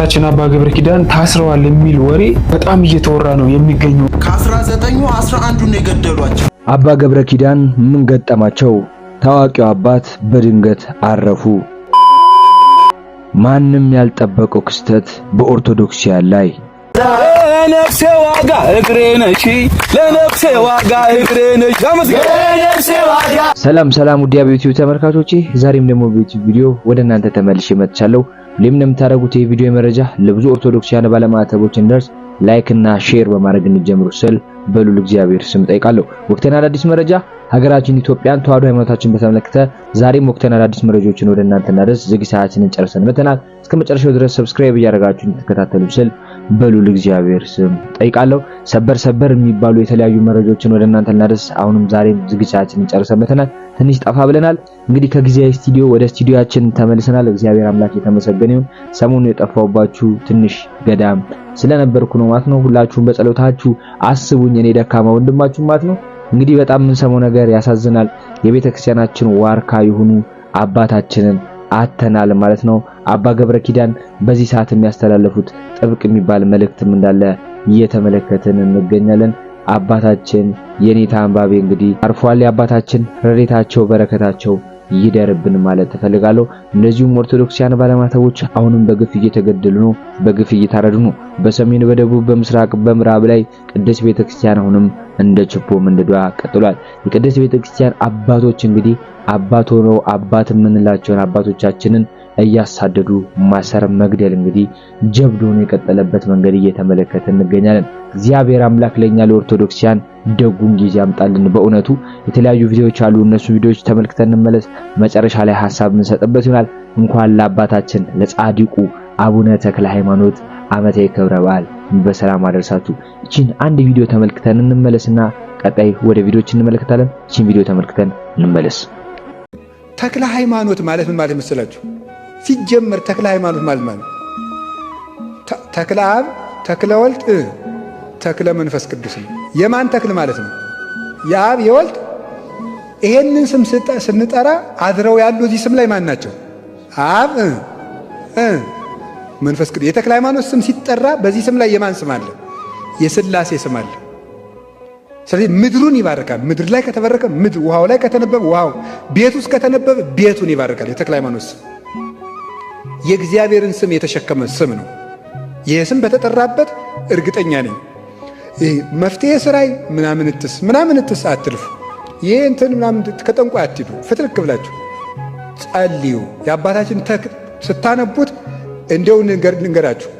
አምላካችን አባ ገብረ ኪዳን ታስረዋል የሚል ወሬ በጣም እየተወራ ነው የሚገኘው። 19 11ዱን የገደሏቸው አባ ገብረ ኪዳን ምን ገጠማቸው? ታዋቂው አባት በድንገት አረፉ። ማንም ያልጠበቀው ክስተት በኦርቶዶክሲያን ላይ ሰላም ሰላም፣ ውድ የዩቲዩብ ተመልካቾቼ፣ ዛሬም ደግሞ በዩቲዩብ ቪዲዮ ወደ እናንተ ተመልሼ መጥቻለሁ። ሊምን የምታደርጉት ይህ ቪዲዮ መረጃ ለብዙ ኦርቶዶክሳውያን ባለማዕተቦች እንደርስ ላይክ እና ሼር በማድረግ እንጀምሩ ስል በሉል እግዚአብሔር ስም ጠይቃለሁ። ወቅተና አዳዲስ መረጃ ሀገራችን ኢትዮጵያን ተዋህዶ ሃይማኖታችን በተመለከተ ዛሬም ወቅተና አዳዲስ መረጃዎችን ወደ እናንተ እናደርስ ዝግ ሰዓታችንን ጨርሰን መተናል። እስከ መጨረሻው ድረስ ሰብስክራይብ እያደረጋችሁ እንድትከታተሉ ስል በሉል እግዚአብሔር ስም ጠይቃለሁ። ሰበር ሰበር የሚባሉ የተለያዩ መረጃዎችን ወደ እናንተ እናደርስ አሁንም ዛሬም ዝግ ሰዓታችንን ጨርሰን መተናል። ትንሽ ጠፋ ብለናል። እንግዲህ ከጊዜያዊ ስቱዲዮ ወደ ስቱዲዮአችን ተመልሰናል። እግዚአብሔር አምላክ የተመሰገነ ይሁን። ሰሞኑን የጠፋውባችሁ ትንሽ ገዳም ስለነበርኩ ነው ማለት ነው። ሁላችሁም በጸሎታችሁ አስቡኝ፣ እኔ ደካማ ወንድማችሁ ማለት ነው። እንግዲህ በጣም የምንሰማው ነገር ያሳዝናል። የቤተ ክርስቲያናችን ዋርካ የሆኑ አባታችንን አተናል ማለት ነው። አባ ገብረ ኪዳን በዚህ ሰዓት የሚያስተላልፉት ጥብቅ የሚባል መልእክትም እንዳለ እየተመለከትን እንገኛለን። አባታችን የኔታ አንባቤ እንግዲህ አርፏል። የአባታችን ረዴታቸው በረከታቸው ይደርብን ማለት እፈልጋለሁ። እንደዚሁም ኦርቶዶክሲያን ባለማተቦች አሁንም በግፍ እየተገደሉ ነው፣ በግፍ እየታረዱ ነው። በሰሜን በደቡብ በምስራቅ በምዕራብ ላይ ቅድስት ቤተክርስቲያን አሁንም እንደ ችቦ መንደዷ ቀጥሏል። የቅድስት ቤተክርስቲያን አባቶች እንግዲህ አባት ሆነው አባት የምንላቸውን አባቶቻችንን እያሳደዱ ማሰር፣ መግደል እንግዲህ ጀብዶን ሆኖ የቀጠለበት መንገድ እየተመለከተ እንገኛለን። እግዚአብሔር አምላክ ለኛ ለኦርቶዶክሲያን ደጉን ጊዜ ያምጣልን። በእውነቱ የተለያዩ ቪዲዮዎች አሉ። እነሱ ቪዲዮዎች ተመልክተን እንመለስ። መጨረሻ ላይ ሀሳብ የምንሰጥበት ይሆናል። እንኳን ለአባታችን ለጻድቁ አቡነ ተክለ ሃይማኖት ዓመታዊ ክብረ በዓል በሰላም አደረሳችሁ። እቺን አንድ ቪዲዮ ተመልክተን እንመለስና ቀጣይ ወደ ቪዲዮዎች እንመለከታለን። እቺን ቪዲዮ ተመልክተን እንመለስ። ተክለ ሃይማኖት ማለት ምን ማለት መሰላችሁ? ሲጀመር ተክለ ሃይማኖት ማለት ማለት ተክለ አብ፣ ተክለ ወልድ፣ ተክለ መንፈስ ቅዱስ ነው። የማን ተክል ማለት ነው? የአብ የወልድ ይሄንን ስም ስንጠራ አድረው ያሉ እዚህ ስም ላይ ማን ናቸው? አብ መንፈስ ቅዱስ። የተክለ ሃይማኖት ስም ሲጠራ በዚህ ስም ላይ የማን ስም አለ? የስላሴ ስም አለ። ስለዚህ ምድሩን ይባርካል። ምድር ላይ ከተበረከ ምድር፣ ውሃው ላይ ከተነበበ ውሃው፣ ቤት ውስጥ ከተነበበ ቤቱን ይባርካል። የተክለ ሃይማኖት ስም የእግዚአብሔርን ስም የተሸከመ ስም ነው። ይህ ስም በተጠራበት እርግጠኛ ነኝ። መፍትሄ ስራይ ምናምንትስ ምናምንትስ አትልፉ። ይህ እንትን ምናምን ከጠንቋ አትሂዱ። ፍትልክ ብላችሁ ጸልዩ። የአባታችን ስታነቡት እንደው ንገራችሁ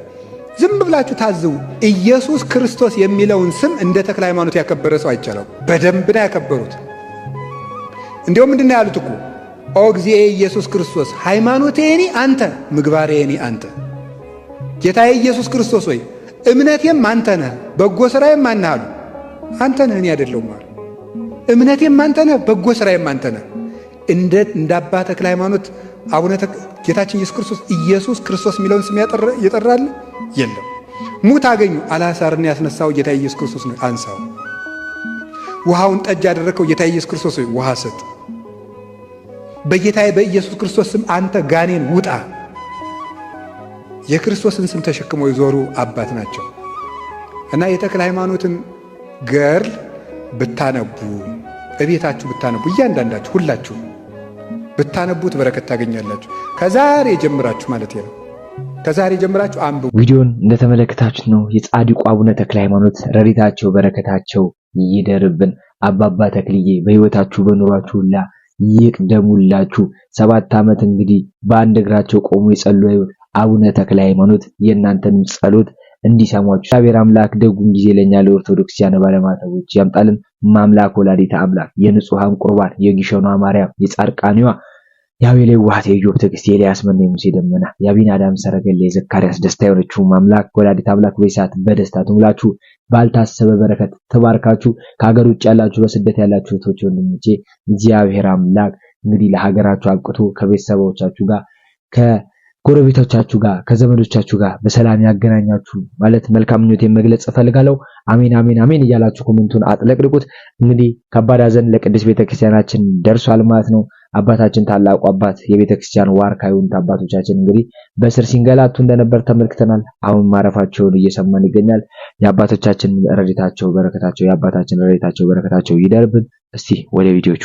ዝም ብላችሁ ታዝቡ። ኢየሱስ ክርስቶስ የሚለውን ስም እንደ ተክለ ሃይማኖት ያከበረ ሰው አይቻለው። በደንብ ነው ያከበሩት። እንዲሁም ምንድን ነው ያሉት እኮ ኦ እግዚእ ኢየሱስ ክርስቶስ ሃይማኖቴ የኔ አንተ ምግባሬ የኔ አንተ። ጌታዬ ኢየሱስ ክርስቶስ ሆይ እምነቴም አንተ ነህ፣ በጎ ስራዬም አንተ አሉ። አንተ ነህ እኔ አይደለሁም አሉ። እምነቴም አንተ ነህ፣ በጎ ስራዬም አንተ ነህ። እንደ እንደ አባ ተክለ ሃይማኖት አቡነ ጌታችን ኢየሱስ ክርስቶስ ኢየሱስ ክርስቶስ የሚለውን ስም ይጠራል የለም። ሙት አገኙ አልዓዛርን ያስነሳው ጌታ ኢየሱስ ክርስቶስ ነው፣ አንሳው። ውሃውን ጠጅ ያደረከው ጌታ ኢየሱስ ክርስቶስ ውሃ ስጥ። በጌታዬ በኢየሱስ ክርስቶስ ስም አንተ ጋኔን ውጣ። የክርስቶስን ስም ተሸክመው የዞሩ አባት ናቸው እና የተክለ ሃይማኖትን ገርል ብታነቡ እቤታችሁ ብታነቡ እያንዳንዳችሁ ሁላችሁ ብታነቡት በረከት ታገኛላችሁ። ከዛሬ ጀምራችሁ ማለት ነው። ከዛሬ ጀምራችሁ አንብቡ። ቪዲዮን እንደተመለከታችሁ ነው። የጻድቁ አቡነ ተክለ ሃይማኖት ረድኤታቸው በረከታቸው ይደርብን። አባባ ተክልዬ በህይወታችሁ በኑሯችሁ ሁላ ይቅደሙላችሁ። ሰባት ዓመት እንግዲህ በአንድ እግራቸው ቆሞ የጸለዩ አቡነ ተክለ ሃይማኖት የእናንተንም ጸሎት እንዲሰሟችሁ እግዚአብሔር አምላክ ደጉን ጊዜ ለኛ ለኦርቶዶክሲያን ባለማተቦች ያምጣልን። ማምላክ ወላዲተ አምላክ የንጹሃን ቁርባን የግሸኗ ማርያም የጻድቃኒዋ የአቤሌ ዋህት የኢዮብ ትዕግስት የኤልያስ መኖ የሙሴ ደመና የአቢናዳም ሰረገላ የዘካርያስ ደስታ የሆነችው አምላክ ወላዲት አምላክ በሰዓት በደስታ ትሙላችሁ፣ ባልታሰበ በረከት ተባርካችሁ። ከሀገር ውጭ ያላችሁ፣ በስደት ያላችሁ እህቶች ወንድሞቼ እግዚአብሔር አምላክ እንግዲህ ለሀገራችሁ አብቅቶ ከቤተሰቦቻችሁ ጋር ከጎረቤቶቻችሁ ጋር ከዘመዶቻችሁ ጋር በሰላም ያገናኛችሁ ማለት መልካም ምኞቴን መግለጽ እፈልጋለሁ። አሜን አሜን አሜን እያላችሁ ኮመንቱን አጥለቅልቁት። እንግዲህ ከባድ ሐዘን ለቅድስት ቤተክርስቲያናችን ደርሷል ማለት ነው። አባታችን ታላቁ አባት የቤተ ክርስቲያን ዋርካ የሆኑት አባቶቻችን እንግዲህ በስር ሲንገላቱ እንደነበር ተመልክተናል። አሁን ማረፋቸውን እየሰማን ይገኛል። የአባቶቻችን ረድኤታቸው በረከታቸው፣ የአባታችን ረድኤታቸው በረከታቸው ይደርብን። እስቲ ወደ ቪዲዮቹ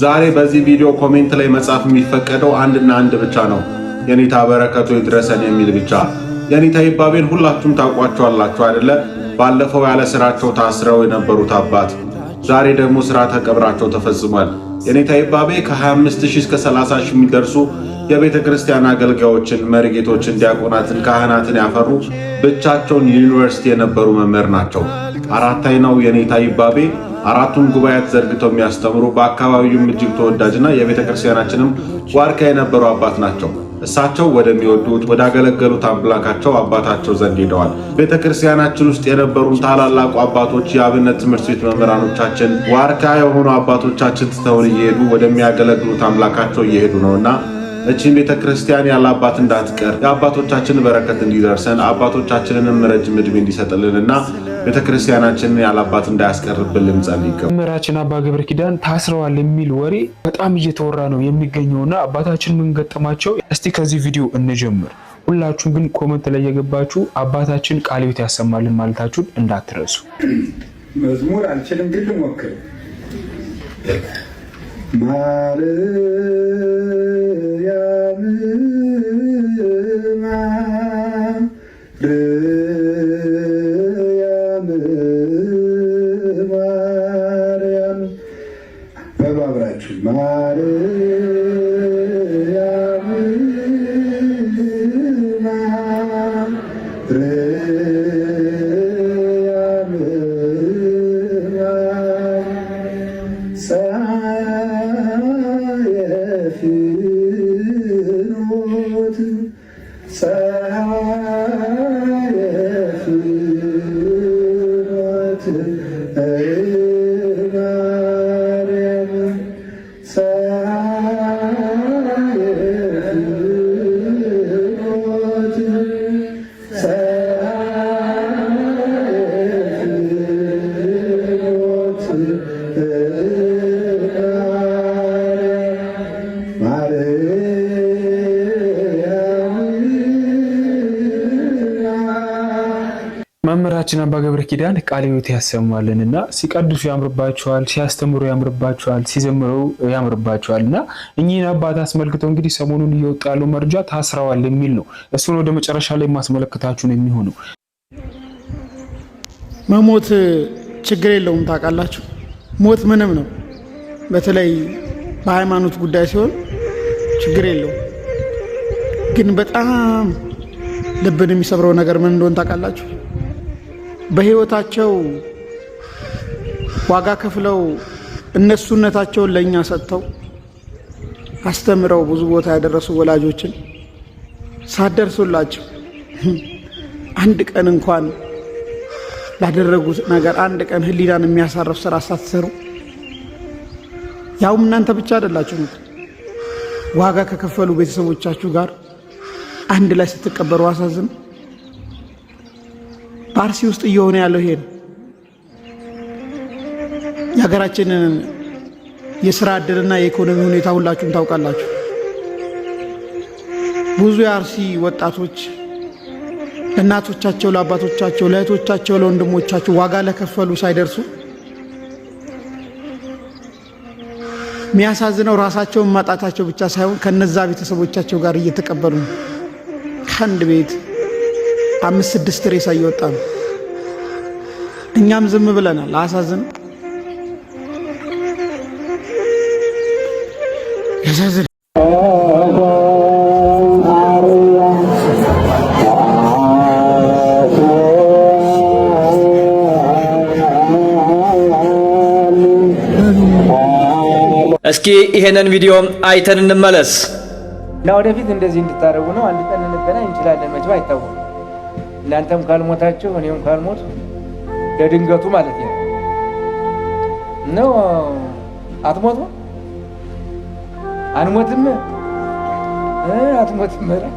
ዛሬ በዚህ ቪዲዮ ኮሜንት ላይ መጻፍ የሚፈቀደው አንድና አንድ ብቻ ነው፣ የኔታ በረከቱ ይድረሰን የሚል ብቻ። የኔታ ይባቤን ሁላችሁም ታውቋቸዋላችሁ አይደለ? ባለፈው ያለ ስራቸው ታስረው የነበሩት አባት ዛሬ ደግሞ ስርዓተ ቀብራቸው ተፈጽሟል። የኔታ ይባቤ ከ25000 እስከ 30000 የሚደርሱ የቤተ ክርስቲያን አገልጋዮችን፣ መሪጌቶችን፣ ዲያቆናትን፣ ካህናትን ያፈሩ ብቻቸውን ዩኒቨርሲቲ የነበሩ መምህር ናቸው። አራተኛው የኔታ ይባቤ አራቱን ጉባኤያት ዘርግተው የሚያስተምሩ በአካባቢውም እጅግ ተወዳጅና የቤተ ክርስቲያናችንም ዋርካ የነበሩ አባት ናቸው። እሳቸው ወደሚወዱት ወዳገለገሉት አምላካቸው አባታቸው ዘንድ ሄደዋል። ቤተ ክርስቲያናችን ውስጥ የነበሩን ታላላቁ አባቶች የአብነት ትምህርት ቤት መምህራኖቻችን ዋርካ የሆኑ አባቶቻችን ትተውን እየሄዱ ወደሚያገለግሉት አምላካቸው እየሄዱ ነውና እቺን ቤተ ክርስቲያን ያለ አባት እንዳትቀር የአባቶቻችን በረከት እንዲደርሰን አባቶቻችንንም ረጅም ዕድሜ እንዲሰጥልንና ቤተ ክርስቲያናችንን ያለ አባት እንዳያስቀርብልን ጸልይ። መምህራችን አባ ገብረ ኪዳን ታስረዋል የሚል ወሬ በጣም እየተወራ ነው የሚገኘውና አባታችን ምን ገጠማቸው? እስቲ ከዚህ ቪዲዮ እንጀምር። ሁላችሁም ግን ኮመንት ላይ የገባችሁ አባታችን ቃለ ሕይወት ያሰማልን ማለታችሁን እንዳትረሱ። መዝሙር አልችልም ግን ልሞክር ማርያም ማርያም አባታችን አባ ገብረ ኪዳን ቃለ ሕይወት ያሰማልን እና ሲቀድሱ ያምርባቸዋል፣ ሲያስተምሩ ያምርባቸዋል፣ ሲዘምሩ ያምርባቸዋል እና እኚህን አባት አስመልክቶ እንግዲህ ሰሞኑን እየወጣ ያለው መረጃ ታስረዋል የሚል ነው። እሱን ወደ መጨረሻ ላይ ማስመለከታችሁ ነው የሚሆነው። መሞት ችግር የለውም ታውቃላችሁ። ሞት ምንም ነው። በተለይ በሃይማኖት ጉዳይ ሲሆን ችግር የለውም። ግን በጣም ልብን የሚሰብረው ነገር ምን እንደሆን ታውቃላችሁ? በሕይወታቸው ዋጋ ከፍለው እነሱነታቸውን ለእኛ ሰጥተው አስተምረው ብዙ ቦታ ያደረሱ ወላጆችን ሳደርሱላቸው አንድ ቀን እንኳን ላደረጉት ነገር አንድ ቀን ህሊናን የሚያሳርፍ ስራ ሳትሰሩ ያውም እናንተ ብቻ አይደላችሁ ዋጋ ከከፈሉ ቤተሰቦቻችሁ ጋር አንድ ላይ ስትቀበሩ አሳዝን አርሲ ውስጥ እየሆነ ያለው ይሄ ነው። የሀገራችንን የስራ እድልና የኢኮኖሚ ሁኔታ ሁላችሁም ታውቃላችሁ። ብዙ የአርሲ ወጣቶች ለእናቶቻቸው፣ ለአባቶቻቸው፣ ለእህቶቻቸው፣ ለወንድሞቻቸው ዋጋ ለከፈሉ ሳይደርሱ የሚያሳዝነው ራሳቸውን ማጣታቸው ብቻ ሳይሆን ከነዛ ቤተሰቦቻቸው ጋር እየተቀበሉ ነው ከአንድ ቤት አምስት ስድስት ሬሳ እየወጣ ነው። እኛም ዝም ብለናል። አሳዝን ያሳዝን እስኪ ይሄንን ቪዲዮ አይተን እንመለስ። ለወደፊት እንደዚህ እንድታደርጉ ነው። አንድ ቀን እንገናኝ እንችላለን። መቼም አይታወቅም። እናንተም ካልሞታችሁ እኔም ካልሞት ለድንገቱ ማለት ነው ነው አትሞቱ አንሞትም አትሞትም ረ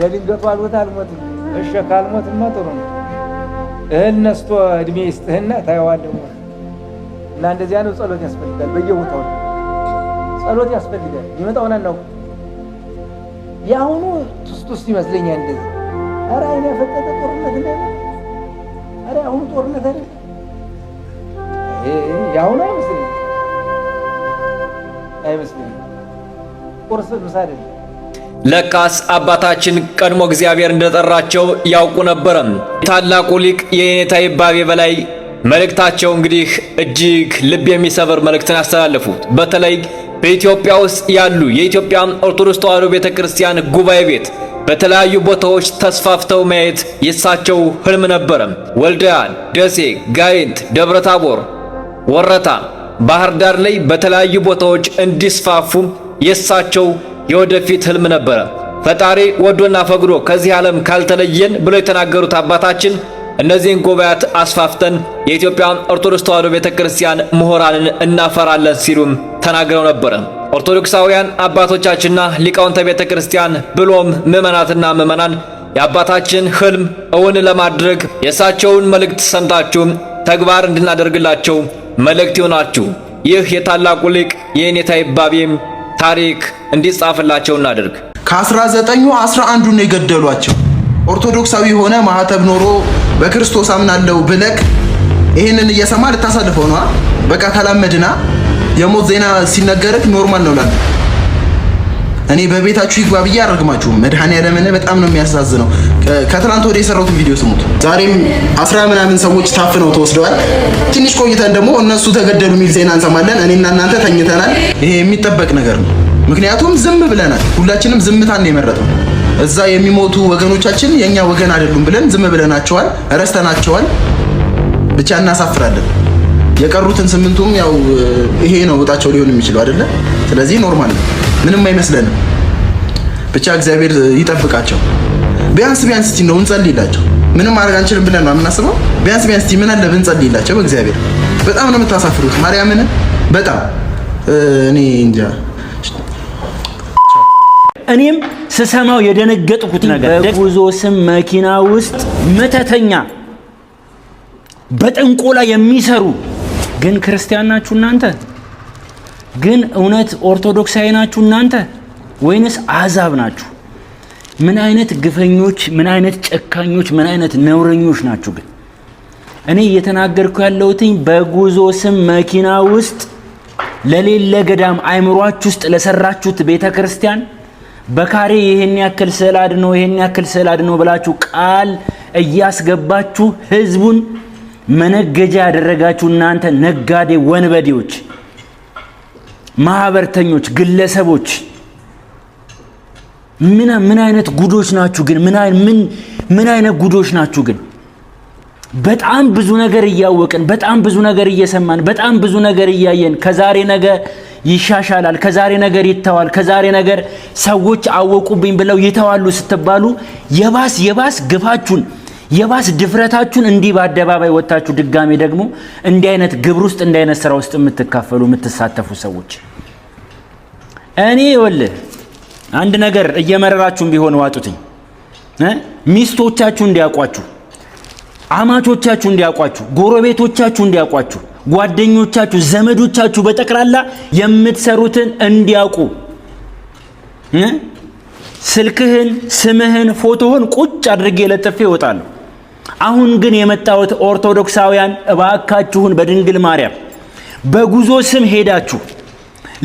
ለድንገቱ አልሞት አልሞትም እሸ ካልሞትማ ጥሩ ነው እህል ነስቶ እድሜ ይስጥህና ታየዋለሁ እና እንደዚያ ነው ጸሎት ያስፈልጋል በየቦታው ጸሎት ያስፈልጋል ይመጣውን አናውቅም የአሁኑ ቱስቱስ ይመስለኛል እንደዚህ ኧረ ዓይን ያፈጠጠ ጦርነት እንዳይሆን ኧረ አሁኑ ጦርነት አይደል ያሁኑ አይመስልም አይመስልም ቁርስ ምሳ አይደለም ለካስ አባታችን ቀድሞ እግዚአብሔር እንደጠራቸው ያውቁ ነበረም። ታላቁ ሊቅ የኔታ ይባቤ በላይ መልእክታቸው እንግዲህ እጅግ ልብ የሚሰብር መልእክትን ያስተላለፉት በተለይ በኢትዮጵያ ውስጥ ያሉ የኢትዮጵያ ኦርቶዶክስ ተዋሕዶ ቤተክርስቲያን ጉባኤ ቤት በተለያዩ ቦታዎች ተስፋፍተው ማየት የእሳቸው ህልም ነበረም። ወልዲያን፣ ደሴ፣ ጋይንት፣ ደብረታቦር፣ ወረታ፣ ባህር ዳር ላይ በተለያዩ ቦታዎች እንዲስፋፉ የእሳቸው የወደፊት ህልም ነበረ። ፈጣሪ ወዶና ፈቅዶ ከዚህ ዓለም ካልተለየን ብለው የተናገሩት አባታችን እነዚህን ጉባኤያት አስፋፍተን የኢትዮጵያ ኦርቶዶክስ ተዋሕዶ ቤተክርስቲያን ምሁራንን እናፈራለን ሲሉም ተናግረው ነበር። ኦርቶዶክሳውያን አባቶቻችንና ሊቃውንተ ቤተክርስቲያን ብሎም ምዕመናትና ምዕመናን የአባታችን ህልም እውን ለማድረግ የእሳቸውን መልእክት ሰምታችሁ ተግባር እንድናደርግላቸው መልእክት ይሆናችሁ። ይህ የታላቁ ሊቅ የኔታ ይባቤም ታሪክ እንዲጻፍላቸው እናደርግ። ከ19ኙ 11 ነው የገደሏቸው ኦርቶዶክሳዊ የሆነ ማህተብ ኖሮ በክርስቶስ አምናለው ብለክ ይህንን እየሰማ ልታሳልፈው ነዋ። በቃ ካላመድና የሞት ዜና ሲነገርክ ኖርማል ነው እላለሁ። እኔ በቤታችሁ ይግባ ብዬ አረግማችሁም። መድኃኔዓለምን በጣም ነው የሚያሳዝነው። ከትናንት ወደ የሰራሁትን ቪዲዮ ስሙት። ዛሬም አስራ ምናምን ሰዎች ታፍነው ተወስደዋል። ትንሽ ቆይተን ደግሞ እነሱ ተገደሉ የሚል ዜና እንሰማለን። እኔና እናንተ ተኝተናል። ይሄ የሚጠበቅ ነገር ነው። ምክንያቱም ዝም ብለናል። ሁላችንም ዝምታን ነው የመረጠው። እዛ የሚሞቱ ወገኖቻችን የኛ ወገን አይደሉም ብለን ዝም ብለናቸዋል፣ ረስተናቸዋል። ብቻ እናሳፍራለን። የቀሩትን ስምንቱም ያው ይሄ ነው ወጣቸው ሊሆን የሚችለው አይደለ? ስለዚህ ኖርማል ነው፣ ምንም አይመስለንም። ብቻ እግዚአብሔር ይጠብቃቸው። ቢያንስ ቢያንስ እስቲ ነው እንጸልይላቸው። ምንም ማድረግ አንችልም ብለን ነው የምናስበው። ቢያንስ ቢያንስ እስቲ ምን አለ ብንጸልይላቸው በእግዚአብሔር። በጣም ነው የምታሳፍሩት ማርያምን በጣም እኔ እንጃ። እኔም ስሰማው የደነገጥኩት ነገር በጉዞ ስም መኪና ውስጥ መተተኛ በጥንቆላ የሚሰሩ ግን ክርስቲያን ናችሁ እናንተ? ግን እውነት ኦርቶዶክሳዊ ናችሁ እናንተ? ወይንስ አዛብ ናችሁ? ምን አይነት ግፈኞች፣ ምን አይነት ጨካኞች፣ ምን አይነት ነውረኞች ናችሁ? ግን እኔ እየተናገርኩ ያለሁትኝ በጉዞ ስም መኪና ውስጥ ለሌለ ገዳም አይምሯችሁ ውስጥ ለሰራችሁት ቤተ ክርስቲያን በካሬ ይሄን ያክል ስዕል አድኖ ይህን ያክል ስዕል አድኖ ብላችሁ ቃል እያስገባችሁ ህዝቡን መነገጃ ያደረጋችሁ እናንተ ነጋዴ ወንበዴዎች፣ ማህበርተኞች፣ ግለሰቦች ምን ምን አይነት ጉዶች ናችሁ ግን? ምን ምን ምን አይነት ጉዶች ናችሁ ግን? በጣም ብዙ ነገር እያወቅን በጣም ብዙ ነገር እየሰማን በጣም ብዙ ነገር እያየን ከዛሬ ነገ ይሻሻላል፣ ከዛሬ ነገር ይተዋል፣ ከዛሬ ነገር ሰዎች አወቁብኝ ብለው ይተዋሉ ስትባሉ የባስ የባስ ግፋችሁን የባስ ድፍረታችሁን እንዲህ በአደባባይ ወጥታችሁ ድጋሜ ደግሞ እንዲህ አይነት ግብር ውስጥ እንዲህ አይነት ስራ ውስጥ የምትካፈሉ የምትሳተፉ ሰዎች እኔ ይኸውልህ አንድ ነገር እየመረራችሁም ቢሆን ዋጡትኝ። ሚስቶቻችሁ እንዲያውቋችሁ አማቾቻችሁ እንዲያውቋችሁ፣ ጎረቤቶቻችሁ እንዲያውቋችሁ፣ ጓደኞቻችሁ፣ ዘመዶቻችሁ በጠቅላላ የምትሰሩትን እንዲያውቁ ስልክህን፣ ስምህን፣ ፎቶህን ቁጭ አድርጌ ለጥፌ ይወጣሉ አሁን ግን የመጣሁት ኦርቶዶክሳውያን እባካችሁን በድንግል ማርያም በጉዞ ስም ሄዳችሁ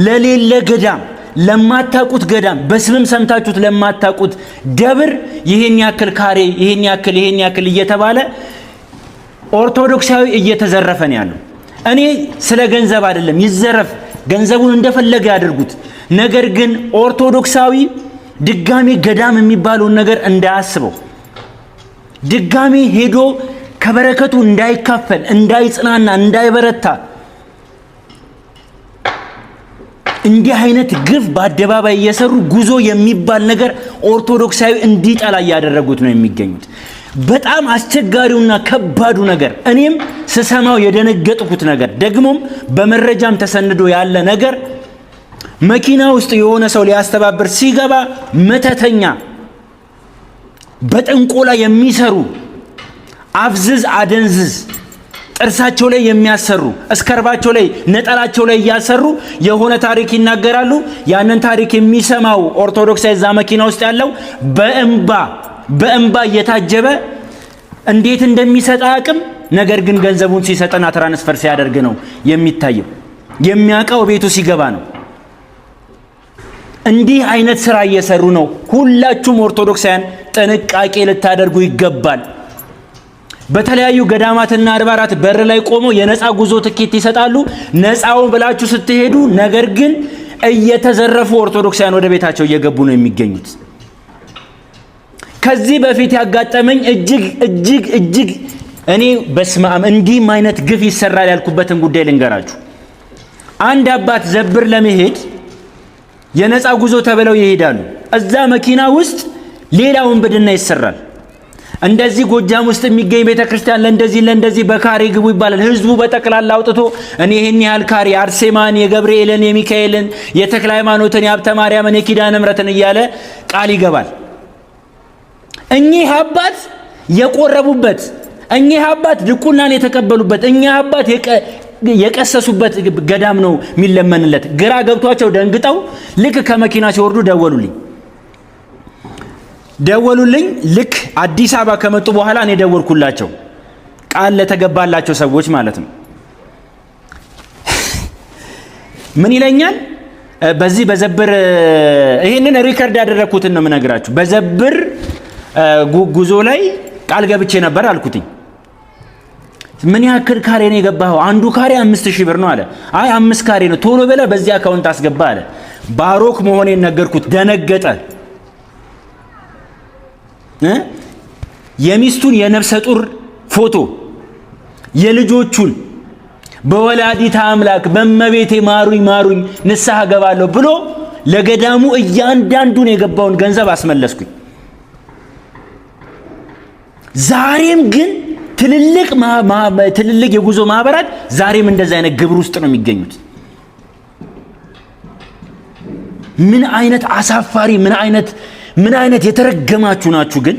ለሌለ ገዳም ለማታቁት ገዳም በስምም ሰምታችሁት ለማታቁት ደብር ይህን ያክል ካሬ ይህን ያክል ይህን ያክል እየተባለ ኦርቶዶክሳዊ እየተዘረፈ ነው ያለው። እኔ ስለ ገንዘብ አይደለም፣ ይዘረፍ፣ ገንዘቡን እንደፈለገ ያድርጉት። ነገር ግን ኦርቶዶክሳዊ ድጋሜ ገዳም የሚባለውን ነገር እንዳያስበው፣ ድጋሜ ሄዶ ከበረከቱ እንዳይካፈል፣ እንዳይጽናና፣ እንዳይበረታ እንዲህ አይነት ግፍ በአደባባይ እየሰሩ ጉዞ የሚባል ነገር ኦርቶዶክሳዊ እንዲጠላ እያደረጉት ነው የሚገኙት። በጣም አስቸጋሪውና ከባዱ ነገር እኔም ስሰማው የደነገጥኩት ነገር ደግሞም በመረጃም ተሰንዶ ያለ ነገር መኪና ውስጥ የሆነ ሰው ሊያስተባብር ሲገባ መተተኛ፣ በጥንቆላ የሚሰሩ አፍዝዝ አደንዝዝ ጥርሳቸው ላይ የሚያሰሩ እስከርባቸው ላይ ነጠላቸው ላይ እያሰሩ የሆነ ታሪክ ይናገራሉ። ያንን ታሪክ የሚሰማው ኦርቶዶክሳዊ እዛ መኪና ውስጥ ያለው በእንባ በእንባ እየታጀበ እንዴት እንደሚሰጥ አቅም ነገር ግን ገንዘቡን ሲሰጠና ትራንስፈር ሲያደርግ ነው የሚታየው። የሚያውቀው ቤቱ ሲገባ ነው። እንዲህ አይነት ስራ እየሰሩ ነው። ሁላችሁም ኦርቶዶክሳውያን ጥንቃቄ ልታደርጉ ይገባል። በተለያዩ ገዳማትና አድባራት በር ላይ ቆመው የነፃ ጉዞ ትኬት ይሰጣሉ። ነፃው ብላችሁ ስትሄዱ፣ ነገር ግን እየተዘረፉ ኦርቶዶክሳውያን ወደ ቤታቸው እየገቡ ነው የሚገኙት። ከዚህ በፊት ያጋጠመኝ እጅግ እጅግ እጅግ እኔ በስማም እንዲህም አይነት ግፍ ይሰራል ያልኩበትን ጉዳይ ልንገራችሁ። አንድ አባት ዘብር ለመሄድ የነፃ ጉዞ ተብለው ይሄዳሉ። እዛ መኪና ውስጥ ሌላ ውንብድና ይሰራል። እንደዚህ ጎጃም ውስጥ የሚገኝ ቤተ ክርስቲያን ለእንደዚህ ለእንደዚህ በካሬ ግቡ ይባላል። ህዝቡ በጠቅላላ አውጥቶ እኔ ይህን ያህል ካሬ የአርሴማን፣ የገብርኤልን፣ የሚካኤልን፣ የተክለ ሃይማኖትን፣ የሀብተ ማርያምን፣ የኪዳነ ምሕረትን እያለ ቃል ይገባል። እኚህ አባት የቆረቡበት እኚህ አባት ድቁናን የተቀበሉበት እኚህ አባት የቀሰሱበት ገዳም ነው የሚለመንለት። ግራ ገብቷቸው ደንግጠው ልክ ከመኪና ሲወርዱ ደወሉልኝ ደወሉልኝ። ልክ አዲስ አበባ ከመጡ በኋላ እኔ ደወልኩላቸው፣ ቃል ለተገባላቸው ሰዎች ማለት ነው። ምን ይለኛል በዚህ በዘብር ይህንን ሪከርድ ያደረግኩትን ነው የምነግራችሁ በዘብር ጉዞ ላይ ቃል ገብቼ ነበር አልኩትኝ። ምን ያክል ካሬ ነው የገባኸው? አንዱ ካሬ አምስት ሺህ ብር ነው አለ። አይ አምስት ካሬ ነው ቶሎ በላ በዚህ አካውንት አስገባ አለ። ባሮክ መሆኔን ነገርኩት። ደነገጠ። የሚስቱን የነፍሰ ጡር ፎቶ የልጆቹን በወላዲታ አምላክ በመቤቴ ማሩኝ ማሩኝ ንስሐ ገባለሁ ብሎ ለገዳሙ እያንዳንዱን የገባውን ገንዘብ አስመለስኩኝ። ዛሬም ግን ትልልቅ ትልልቅ የጉዞ ማህበራት ዛሬም እንደዚ አይነት ግብር ውስጥ ነው የሚገኙት። ምን አይነት አሳፋሪ ምን አይነት ምን አይነት የተረገማችሁ ናችሁ ግን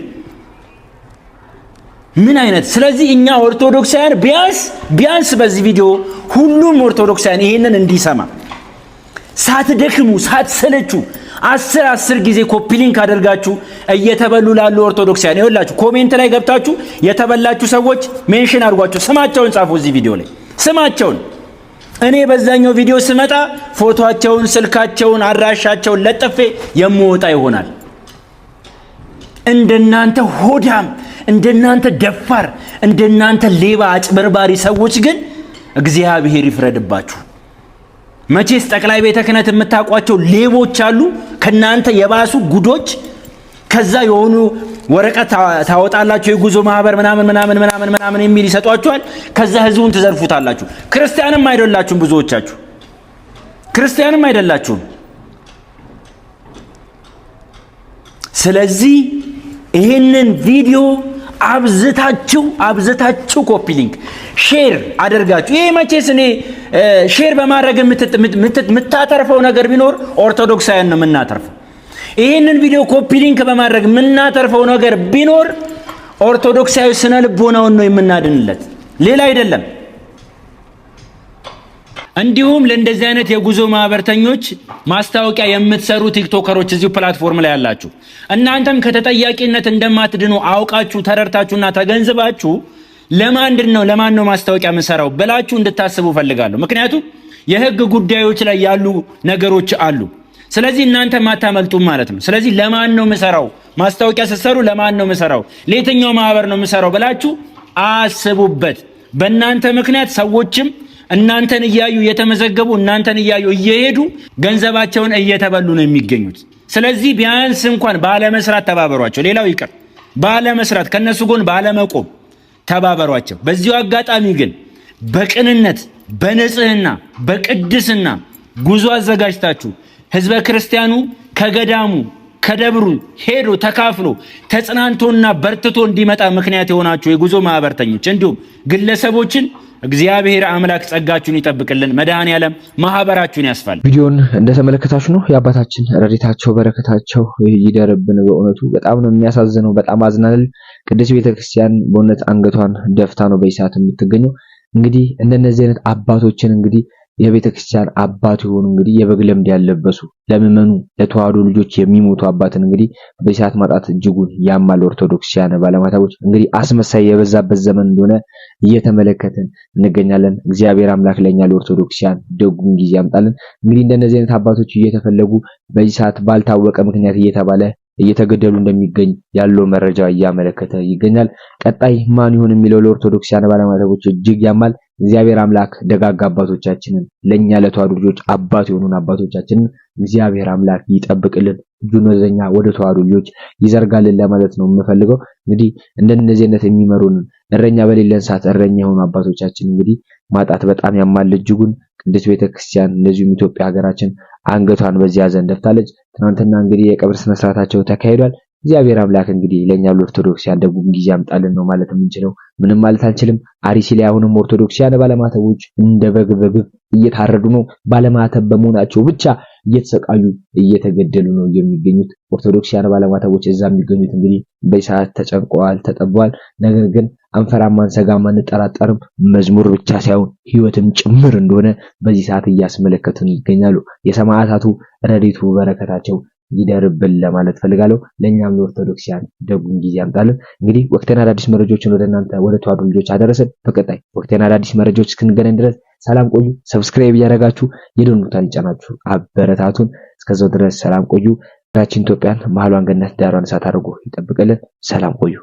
ምን አይነት ስለዚህ እኛ ኦርቶዶክሳውያን ቢያንስ ቢያንስ በዚህ ቪዲዮ ሁሉም ኦርቶዶክሳውያን ይሄንን እንዲሰማ ሳትደክሙ ሳትሰለቹ አስር አስር ጊዜ ኮፒሊንክ አደርጋችሁ እየተበሉ ላሉ ኦርቶዶክሳውያን ይኸውላችሁ፣ ኮሜንት ላይ ገብታችሁ የተበላችሁ ሰዎች ሜንሽን አድርጓቸው ስማቸውን ጻፉ። እዚህ ቪዲዮ ላይ ስማቸውን እኔ በዛኛው ቪዲዮ ስመጣ ፎቶቸውን፣ ስልካቸውን፣ አድራሻቸውን ለጥፌ የምወጣ ይሆናል። እንደናንተ ሆዳም፣ እንደናንተ ደፋር፣ እንደናንተ ሌባ አጭበርባሪ ሰዎች ግን እግዚአብሔር ይፍረድባችሁ። መቼስ ጠቅላይ ቤተ ክህነት የምታውቋቸው ሌቦች አሉ፣ ከእናንተ የባሱ ጉዶች። ከዛ የሆኑ ወረቀት ታወጣላችሁ፣ የጉዞ ማህበር ምናምን ምናምን ምናምን ምናምን የሚል ይሰጧችኋል። ከዛ ህዝቡን ትዘርፉታላችሁ። ክርስቲያንም አይደላችሁም፣ ብዙዎቻችሁ ክርስቲያንም አይደላችሁም። ስለዚህ ይህንን ቪዲዮ አብዝታችሁ አብዝታችሁ ኮፒ ሊንክ ሼር አደርጋችሁ። ይሄ መቼስ እኔ ሼር በማድረግ የምታተርፈው ነገር ቢኖር ኦርቶዶክሳውያን ነው የምናተርፈው። ይህንን ቪዲዮ ኮፒ ሊንክ በማድረግ የምናተርፈው ነገር ቢኖር ኦርቶዶክሳዊ ስነ ልቦናውን ነው የምናድንለት፣ ሌላ አይደለም። እንዲሁም ለእንደዚህ አይነት የጉዞ ማህበርተኞች ማስታወቂያ የምትሰሩ ቲክቶከሮች እዚሁ ፕላትፎርም ላይ ያላችሁ እናንተም ከተጠያቂነት እንደማትድኑ አውቃችሁ ተረድታችሁና ተገንዝባችሁ ለማንድን ነው ለማን ነው ማስታወቂያ የምንሰራው ብላችሁ እንድታስቡ ፈልጋለሁ። ምክንያቱም የህግ ጉዳዮች ላይ ያሉ ነገሮች አሉ። ስለዚህ እናንተ ማታመልጡም ማለት ነው። ስለዚህ ለማን ነው የምሰራው ማስታወቂያ ስትሰሩ፣ ለማን ነው የምሰራው፣ ለየትኛው ማህበር ነው የምሰራው ብላችሁ አስቡበት። በእናንተ ምክንያት ሰዎችም እናንተን እያዩ እየተመዘገቡ እናንተን እያዩ እየሄዱ ገንዘባቸውን እየተበሉ ነው የሚገኙት። ስለዚህ ቢያንስ እንኳን ባለመስራት ተባበሯቸው። ሌላው ይቅር ባለመስራት፣ ከነሱ ጎን ባለመቆም ተባበሯቸው። በዚሁ አጋጣሚ ግን በቅንነት በንጽህና በቅድስና ጉዞ አዘጋጅታችሁ ህዝበ ክርስቲያኑ ከገዳሙ ከደብሩ ሄዶ ተካፍሎ ተጽናንቶና በርትቶ እንዲመጣ ምክንያት የሆናችሁ የጉዞ ማህበርተኞች እንዲሁም ግለሰቦችን እግዚአብሔር አምላክ ጸጋችሁን ይጠብቅልን። መድኃኔ ዓለም ማህበራችሁን ያስፋል። ቪዲዮን እንደተመለከታችሁ ነው። የአባታችን ረድኤታቸው በረከታቸው ይደርብን። በእውነቱ በጣም ነው የሚያሳዝነው። በጣም አዝናል። ቅድስት ቤተክርስቲያን በእውነት አንገቷን ደፍታ ነው በይሳት የምትገኘው። እንግዲህ እንደነዚህ አይነት አባቶችን እንግዲህ የቤተ ክርስቲያን አባት የሆኑ እንግዲህ የበግ ለምድ ያለበሱ ለምዕመኑ ለተዋህዶ ልጆች የሚሞቱ አባትን እንግዲህ በሰዓት ማጣት እጅጉን ያማል። ኦርቶዶክሲያን ባለማታቦች እንግዲህ አስመሳይ የበዛበት ዘመን እንደሆነ እየተመለከትን እንገኛለን። እግዚአብሔር አምላክ ለኛ ለኦርቶዶክሲያን ደጉን ጊዜ ያምጣልን። እንግዲህ እንደነዚህ አይነት አባቶች እየተፈለጉ በዚህ ሰዓት ባልታወቀ ምክንያት እየተባለ እየተገደሉ እንደሚገኝ ያለው መረጃ እያመለከተ ይገኛል። ቀጣይ ማን ይሆን የሚለው ለኦርቶዶክሲያን ባለማታቦች እጅግ ያማል። እግዚአብሔር አምላክ ደጋግ አባቶቻችንን ለኛ ለተዋዱ ልጆች አባት የሆኑን አባቶቻችንን እግዚአብሔር አምላክ ይጠብቅልን፣ እጁን ወደኛ ወደ ተዋዱ ልጆች ይዘርጋልን ለማለት ነው የምፈልገው። እንግዲህ እንደነዚህነት አይነት የሚመሩንን እረኛ በሌለን ሰዓት እረኛ የሆኑ አባቶቻችን እንግዲህ ማጣት በጣም ያማል እጅጉን። ቅድስት ቤተክርስቲያን እንደዚሁም ኢትዮጵያ ሀገራችን አንገቷን በዚህ ሐዘን ደፍታለች። ትናንትና እንግዲህ የቀብር ስነስርዓታቸው ተካሂዷል። እግዚአብሔር አምላክ እንግዲህ ለእኛ ለኦርቶዶክስ ያደጉም ጊዜ ያምጣልን ነው ማለት የምንችለው። ምንም ማለት አልችልም። አሪሲ ላይ አሁንም ኦርቶዶክሲያን ባለማተቦች እንደ በግ እየታረዱ ነው። ባለማተብ በመሆናቸው ብቻ እየተሰቃዩ እየተገደሉ ነው የሚገኙት። ኦርቶዶክሲያን ባለማተቦች እዛ የሚገኙት እንግዲህ በሰዓት ተጨንቀዋል፣ ተጠበዋል። ነገር ግን አንፈራም፣ አንሰጋም፣ አንጠራጠርም መዝሙር ብቻ ሳይሆን ህይወትም ጭምር እንደሆነ በዚህ ሰዓት እያስመለከቱን ይገኛሉ። የሰማዕታቱ ረድኤቱ በረከታቸው ይደርብን ለማለት ፈልጋለሁ። ለእኛም ለኦርቶዶክሲያን ደጉን ጊዜ ያምጣልን። እንግዲህ ወቅቴን አዳዲስ መረጃዎችን ወደ እናንተ ወደ ተዋዱ ልጆች አደረሰን። በቀጣይ ወቅቴን አዳዲስ መረጃዎች እስክንገናኝ ድረስ ሰላም ቆዩ። ሰብስክራይብ እያደረጋችሁ የደኑታን ይጫናችሁ አበረታቱን። እስከዛው ድረስ ሰላም ቆዩ። ሀገራችን ኢትዮጵያን መሀሏን ገነት ዳሯን እሳት አድርጎ ይጠብቅልን። ሰላም ቆዩ።